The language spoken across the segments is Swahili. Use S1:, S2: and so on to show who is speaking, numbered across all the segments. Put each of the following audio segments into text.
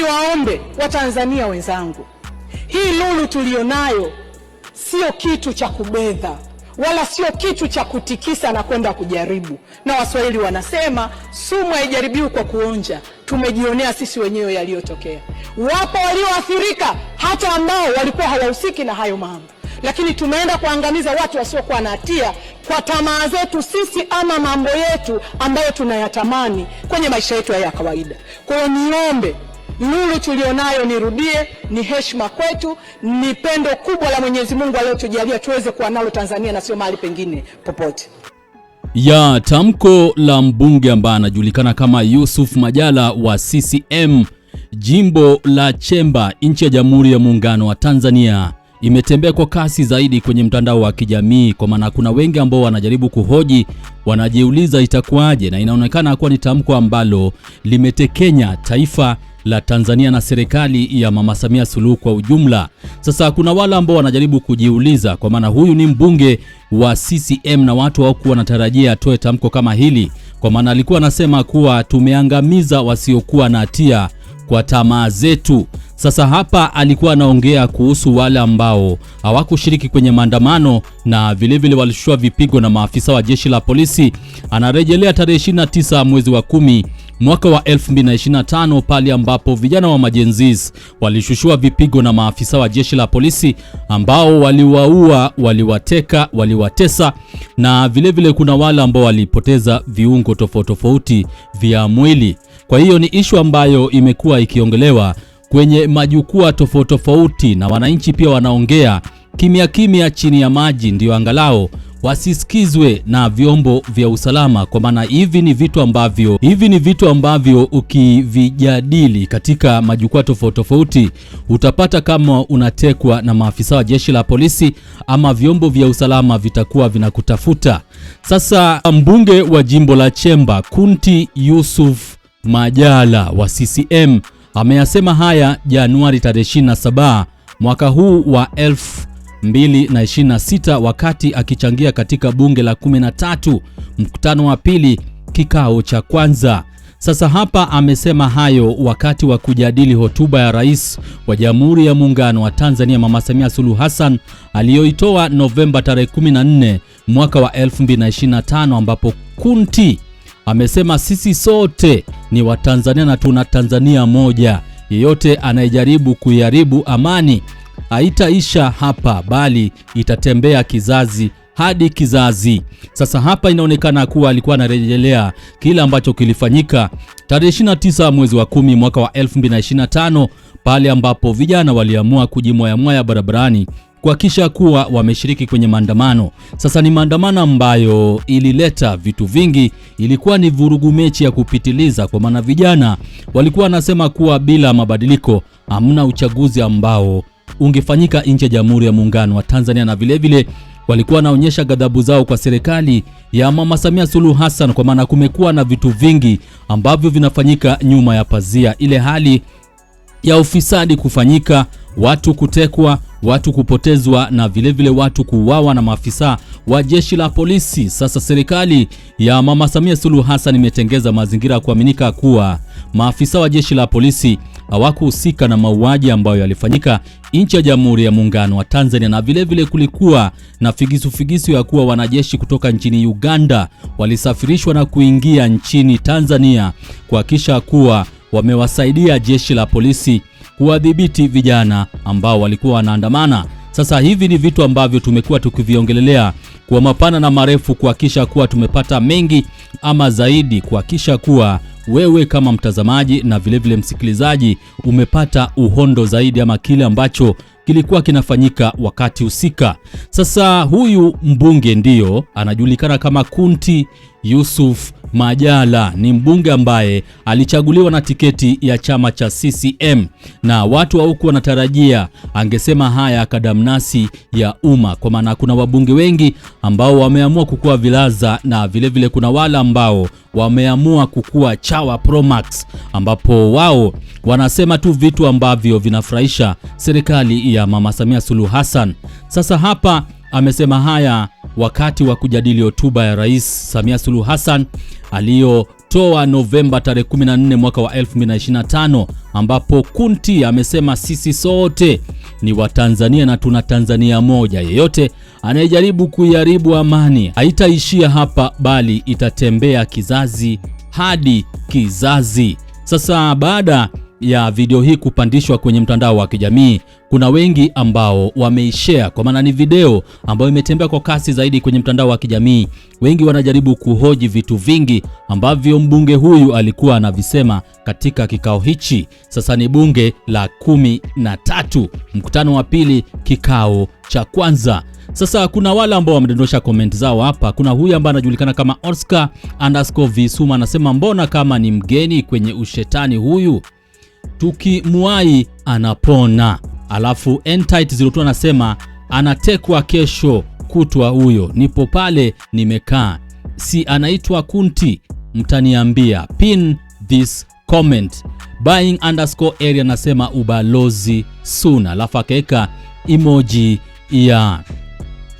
S1: niwaombe Watanzania wenzangu, hii lulu tuliyonayo sio kitu cha kubedha wala sio kitu cha kutikisa na kwenda kujaribu. Na Waswahili wanasema sumu haijaribiwi kwa kuonja. Tumejionea sisi wenyewe yaliyotokea. Wapo walioathirika hata ambao walikuwa hawahusiki na hayo mambo, lakini tumeenda kuangamiza watu wasiokuwa na hatia kwa tamaa zetu sisi ama mambo yetu ambayo tunayatamani kwenye maisha yetu haya ya kawaida. Kwa hiyo niombe Nuru tulionayo, nirudie, ni heshima kwetu, ni pendo kubwa la Mwenyezi Mungu aliyotujalia tuweze kuwa nalo Tanzania na sio mahali pengine popote.
S2: Ya tamko la mbunge ambaye anajulikana kama Yusuf Majala wa CCM jimbo la Chemba, nchi ya Jamhuri ya Muungano wa Tanzania imetembea kwa kasi zaidi kwenye mtandao wa kijamii, kwa maana kuna wengi ambao wanajaribu kuhoji, wanajiuliza itakuwaje, na inaonekana kuwa ni tamko ambalo limetekenya taifa la Tanzania na serikali ya Mama Samia Suluhu kwa ujumla. Sasa kuna wale ambao wanajaribu kujiuliza, kwa maana huyu ni mbunge wa CCM na watu hawakuwa wanatarajia atoe tamko kama hili, kwa maana alikuwa anasema kuwa tumeangamiza wasiokuwa na hatia kwa tamaa zetu. Sasa hapa alikuwa anaongea kuhusu wale ambao hawakushiriki kwenye maandamano na vilevile walishua vipigo na maafisa wa jeshi la polisi. Anarejelea tarehe 29 mwezi wa kumi mwaka wa 2025 pale ambapo vijana wa majenzis walishushua vipigo na maafisa wa jeshi la polisi ambao waliwaua, waliwateka, waliwatesa na vilevile vile kuna wale ambao walipoteza viungo tofauti tofauti vya mwili. Kwa hiyo ni ishu ambayo imekuwa ikiongelewa kwenye majukwaa tofauti tofauti, na wananchi pia wanaongea kimya kimya chini ya maji, ndiyo angalau wasisikizwe na vyombo vya usalama, kwa maana hivi ni vitu ambavyo hivi ni vitu ambavyo ukivijadili katika majukwaa tofauti tofauti utapata kama unatekwa na maafisa wa jeshi la polisi ama vyombo vya usalama vitakuwa vinakutafuta. Sasa mbunge wa jimbo la Chemba Kunti Yusuf Majala wa CCM ameyasema haya Januari tarehe 27 mwaka huu wa elfu 2026 wakati akichangia katika bunge la 13 mkutano wa pili kikao cha kwanza. Sasa hapa amesema hayo wakati wa kujadili hotuba ya Rais wa Jamhuri ya Muungano wa Tanzania Mama Samia Suluhu Hassan aliyoitoa Novemba tarehe 14 mwaka wa 2025 ambapo Kunti amesema sisi sote ni Watanzania na tuna Tanzania moja. Yeyote anayejaribu kuiharibu amani haitaisha hapa, bali itatembea kizazi hadi kizazi. Sasa hapa inaonekana kuwa alikuwa anarejelea kile ambacho kilifanyika tarehe 29 mwezi wa kumi mwaka wa 2025 pale ambapo vijana waliamua kujimwayamwaya barabarani kuhakisha kuwa wameshiriki kwenye maandamano. Sasa ni maandamano ambayo ilileta vitu vingi, ilikuwa ni vurugu mechi ya kupitiliza, kwa maana vijana walikuwa wanasema kuwa bila mabadiliko hamna uchaguzi ambao ungefanyika nje ya Jamhuri ya Muungano wa Tanzania, na vilevile walikuwa wanaonyesha ghadhabu zao kwa serikali ya Mama Samia Suluhu Hassan, kwa maana kumekuwa na vitu vingi ambavyo vinafanyika nyuma ya pazia, ile hali ya ufisadi kufanyika, watu kutekwa, watu kupotezwa na vilevile vile watu kuuawa na maafisa wa jeshi la polisi. Sasa serikali ya Mama Samia Suluhu Hassan imetengeza mazingira ya kuaminika kuwa maafisa wa jeshi la polisi hawakuhusika na mauaji ambayo yalifanyika nchi ya Jamhuri ya Muungano wa Tanzania, na vilevile vile kulikuwa na figisu figisu ya kuwa wanajeshi kutoka nchini Uganda walisafirishwa na kuingia nchini Tanzania kuhakisha kuwa wamewasaidia jeshi la polisi kuwadhibiti vijana ambao walikuwa wanaandamana. Sasa hivi ni vitu ambavyo tumekuwa tukiviongelelea kwa mapana na marefu kuhakisha kuwa tumepata mengi ama zaidi kuhakisha kuwa wewe kama mtazamaji na vilevile vile msikilizaji umepata uhondo zaidi ama kile ambacho kilikuwa kinafanyika wakati husika. Sasa huyu mbunge ndiyo anajulikana kama Kunti Yusuf Majala ni mbunge ambaye alichaguliwa na tiketi ya chama cha CCM na watu wa huku wanatarajia angesema haya kadamnasi ya umma, kwa maana kuna wabunge wengi ambao wameamua kukua vilaza na vilevile vile kuna wale ambao wameamua kukua chawa Promax, ambapo wao wanasema tu vitu ambavyo vinafurahisha serikali ya Mama Samia Suluhu Hassan. Sasa hapa amesema haya wakati wa kujadili hotuba ya Rais Samia Suluhu Hassan aliyotoa Novemba tarehe 14 mwaka wa 2025, ambapo Kunti amesema sisi sote ni Watanzania na tuna Tanzania moja. Yeyote anayejaribu kuiharibu amani haitaishia hapa, bali itatembea kizazi hadi kizazi. Sasa baada ya video hii kupandishwa kwenye mtandao wa kijamii, kuna wengi ambao wameishare, kwa maana ni video ambayo imetembea kwa kasi zaidi kwenye mtandao wa kijamii. Wengi wanajaribu kuhoji vitu vingi ambavyo mbunge huyu alikuwa anavisema katika kikao hichi. Sasa ni bunge la kumi na tatu, mkutano wa pili, kikao cha kwanza. Sasa kuna wale ambao wamedondosha comment zao hapa. Kuna huyu ambaye anajulikana kama Oscar underscore Visuma anasema, mbona kama ni mgeni kwenye ushetani huyu tukimwai anapona. Alafu Entite 02 anasema anatekwa kesho kutwa, huyo nipo pale nimekaa, si anaitwa Kunti, mtaniambia. Pin this comment. Buying underscore area anasema ubalozi soon, alafu akaweka emoji ya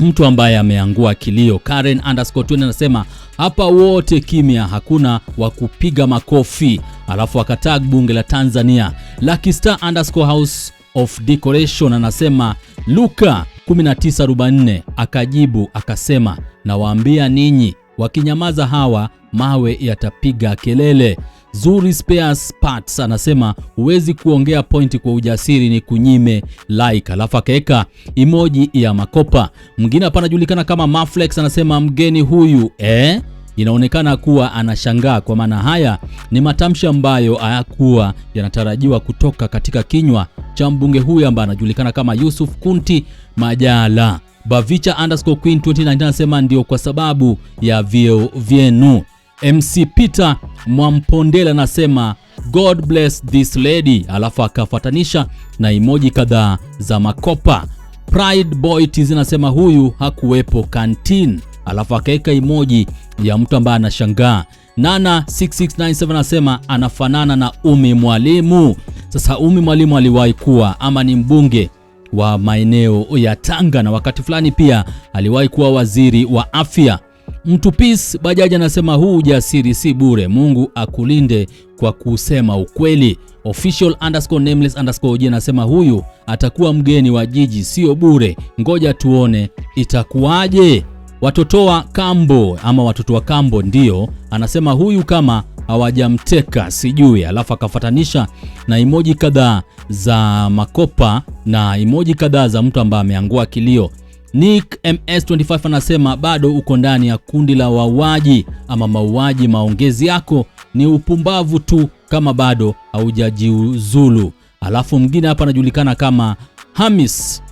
S2: mtu ambaye ameangua kilio. Karen underscore 20 anasema hapa wote kimya, hakuna wa kupiga makofi alafu akatag bunge la Tanzania Lakistar underscore house of decoration anasema Luka 19:44 akajibu akasema, nawaambia ninyi wakinyamaza hawa mawe yatapiga kelele. Zuri Spares Parts anasema huwezi kuongea pointi kwa ujasiri, ni kunyime like. Alafu akaeka emoji ya makopa. Mwingine hapa anajulikana kama Maflex anasema mgeni huyu eh? inaonekana kuwa anashangaa, kwa maana haya ni matamshi ambayo hayakuwa yanatarajiwa kutoka katika kinywa cha mbunge huyu ambaye anajulikana kama Yusuf Kunti Majala. Bavicha underscore Queen 2019 anasema ndio kwa sababu ya vyeo vyenu. MC Peter Mwampondela anasema God bless this lady, alafu akafatanisha na emoji kadhaa za makopa. Pride Boy TZ anasema huyu hakuwepo kantini alafu akaweka emoji ya mtu ambaye anashangaa. Nana 6697 anasema anafanana na umi Mwalimu. Sasa umi Mwalimu aliwahi kuwa ama ni mbunge wa maeneo ya Tanga na wakati fulani pia aliwahi kuwa waziri wa afya. Mtu Peace Bajaji anasema huu ujasiri si bure, Mungu akulinde kwa kusema ukweli. Official underscore nameless underscore uji anasema huyu atakuwa mgeni wa jiji, sio bure, ngoja tuone itakuwaje watoto wa kambo ama watoto wa kambo, ndio anasema huyu kama hawajamteka sijui, alafu akafatanisha na emoji kadhaa za makopa na emoji kadhaa za mtu ambaye ameangua kilio. Nick MS25 anasema bado uko ndani ya kundi la wauaji ama mauaji, maongezi yako ni upumbavu tu kama bado haujajiuzulu. Alafu mwingine hapa anajulikana kama Hamis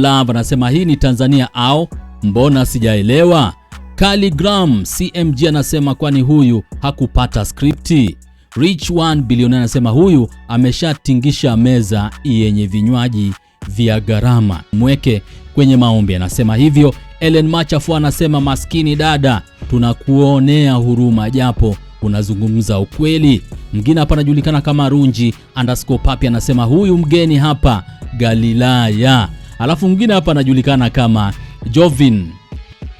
S2: Love anasema hii ni Tanzania au Mbona sijaelewa? Khaligram CMG anasema kwani huyu hakupata skripti. Rich One bilionea anasema huyu ameshatingisha meza yenye vinywaji vya gharama, mweke kwenye maombi, anasema hivyo. Ellen Machafu anasema maskini dada, tunakuonea huruma japo unazungumza ukweli. Mwingine hapa anajulikana kama Runji underscore papi anasema huyu mgeni hapa Galilaya. Alafu mwingine hapa anajulikana kama Jovin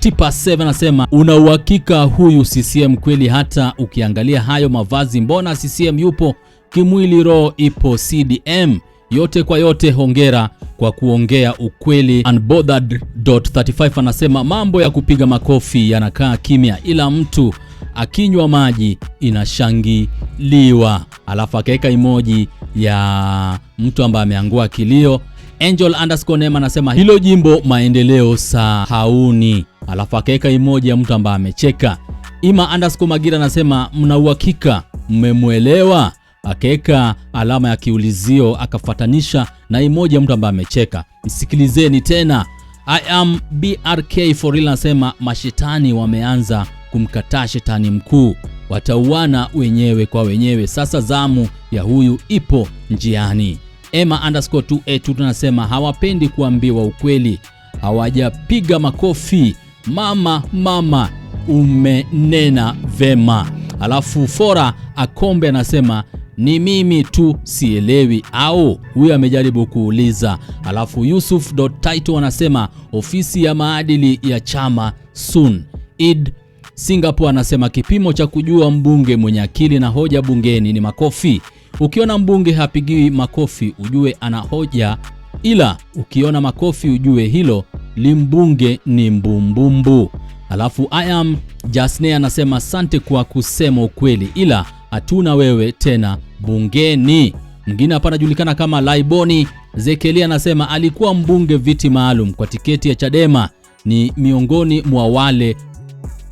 S2: Tipa 7 anasema una uhakika huyu CCM kweli? Hata ukiangalia hayo mavazi, mbona CCM yupo kimwili, roho ipo CDM. Yote kwa yote, hongera kwa kuongea ukweli. Unbothered.35 anasema mambo ya kupiga makofi yanakaa kimya, ila mtu akinywa maji inashangiliwa. Alafu akaweka emoji ya mtu ambaye ameangua kilio Angel underscore nema anasema hilo jimbo maendeleo sahauni, alafu akaweka emoji ya mtu ambaye amecheka. Ima underscore Magira anasema mna uhakika mmemwelewa, akaweka alama ya kiulizio akafatanisha na emoji ya mtu ambaye amecheka. Msikilizeni tena. I am BRK for real anasema mashetani wameanza kumkataa shetani mkuu, watauana wenyewe kwa wenyewe. Sasa zamu ya huyu ipo njiani. Emma underscore 2A tunasema hawapendi kuambiwa ukweli, hawajapiga makofi. Mama mama, umenena vema. Alafu Fora Akombe anasema ni mimi tu sielewi, au huyo amejaribu kuuliza. Alafu Yusuf Taito anasema ofisi ya maadili ya chama soon. Id Singapore anasema kipimo cha kujua mbunge mwenye akili na hoja bungeni ni makofi. Ukiona mbunge hapigiwi makofi ujue ana hoja, ila ukiona makofi ujue hilo limbunge ni mbumbumbu. Alafu I am Jasney anasema asante kwa kusema ukweli, ila hatuna wewe tena bungeni. Mwingine hapa anajulikana kama Laiboni Zekelia anasema alikuwa mbunge viti maalum kwa tiketi ya Chadema, ni miongoni mwa wale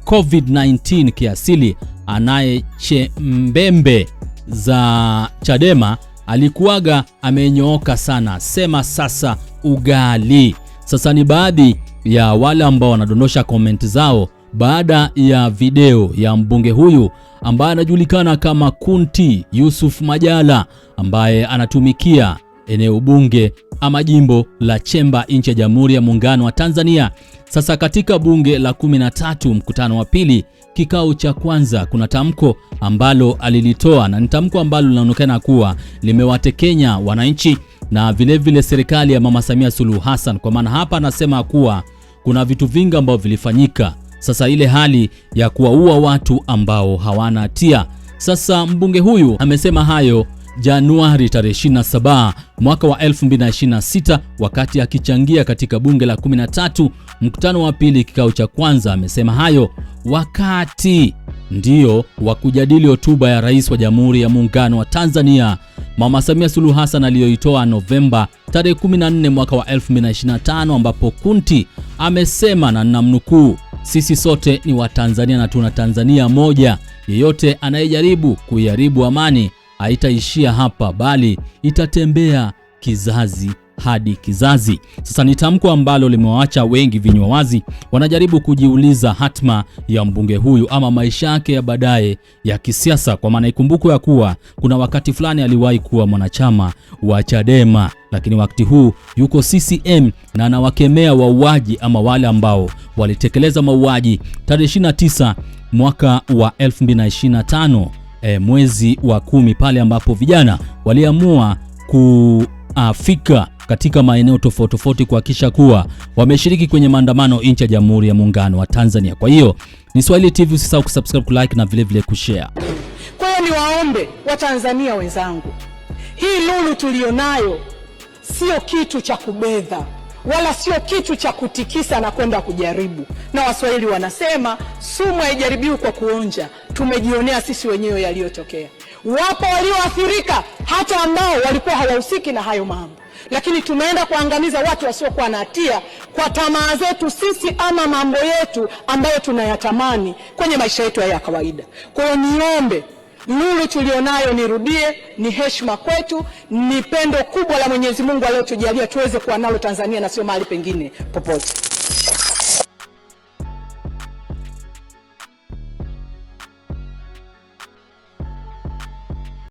S2: COVID-19 kiasili anayechembembe za Chadema alikuwaga amenyooka sana, sema sasa ugali. Sasa ni baadhi ya wale ambao wanadondosha komenti zao baada ya video ya mbunge huyu ambaye anajulikana kama Kunti Yusuf Majala ambaye anatumikia eneo bunge ama jimbo la Chemba nchi ya Jamhuri ya Muungano wa Tanzania. Sasa katika bunge la 13 mkutano wa pili kikao cha kwanza, kuna tamko ambalo alilitoa na ni tamko ambalo linaonekana kuwa limewatekenya wananchi na vilevile serikali ya Mama Samia Suluhu Hassan, kwa maana hapa anasema kuwa kuna vitu vingi ambavyo vilifanyika. Sasa ile hali ya kuwaua watu ambao hawana hatia. Sasa mbunge huyu amesema hayo Januari tarehe 27 mwaka wa 2026 wakati akichangia katika bunge la 13 mkutano wa pili kikao cha kwanza. Amesema hayo wakati ndio wa kujadili hotuba ya Rais wa Jamhuri ya Muungano wa Tanzania Mama Samia Suluhu Hassan aliyoitoa Novemba tarehe 14 mwaka wa 2025, ambapo Kunti amesema na namnukuu, sisi sote ni Watanzania na tuna Tanzania moja, yeyote anayejaribu kuiharibu amani haitaishia hapa, bali itatembea kizazi hadi kizazi. Sasa ni tamko ambalo limewaacha wengi vinywa wazi, wanajaribu kujiuliza hatma ya mbunge huyu ama maisha yake ya baadaye ya kisiasa, kwa maana ikumbukwe ya kuwa kuna wakati fulani aliwahi kuwa mwanachama wa Chadema, lakini wakati huu yuko CCM na anawakemea wauaji ama wale ambao walitekeleza mauaji tarehe 29 mwaka wa 2025 e, mwezi wa kumi pale ambapo vijana waliamua kufika katika maeneo tofauti tofauti kuhakikisha kuwa wameshiriki kwenye maandamano nchi ya Jamhuri ya Muungano wa Tanzania. Kwa hiyo ni Swahili TV, usisahau kusubscribe, kulike na vilevile kushare.
S1: Kwa hiyo niwaombe Watanzania wenzangu, hii lulu tuliyonayo sio kitu cha kubedha wala sio kitu cha kutikisa na kwenda kujaribu. Na Waswahili wanasema sumu haijaribiwi kwa kuonja, tumejionea sisi wenyewe yaliyotokea. Wapo walioathirika hata ambao walikuwa hawahusiki na hayo mambo, lakini tumeenda kuangamiza watu wasiokuwa na hatia kwa tamaa zetu sisi ama mambo yetu ambayo tunayatamani kwenye maisha yetu haya ya kawaida. Kwa hiyo niombe Nuru tulionayo, nirudie, ni heshima kwetu, ni pendo kubwa la Mwenyezi Mungu aliyotujalia tuweze kuwa nalo Tanzania na sio mahali pengine popote.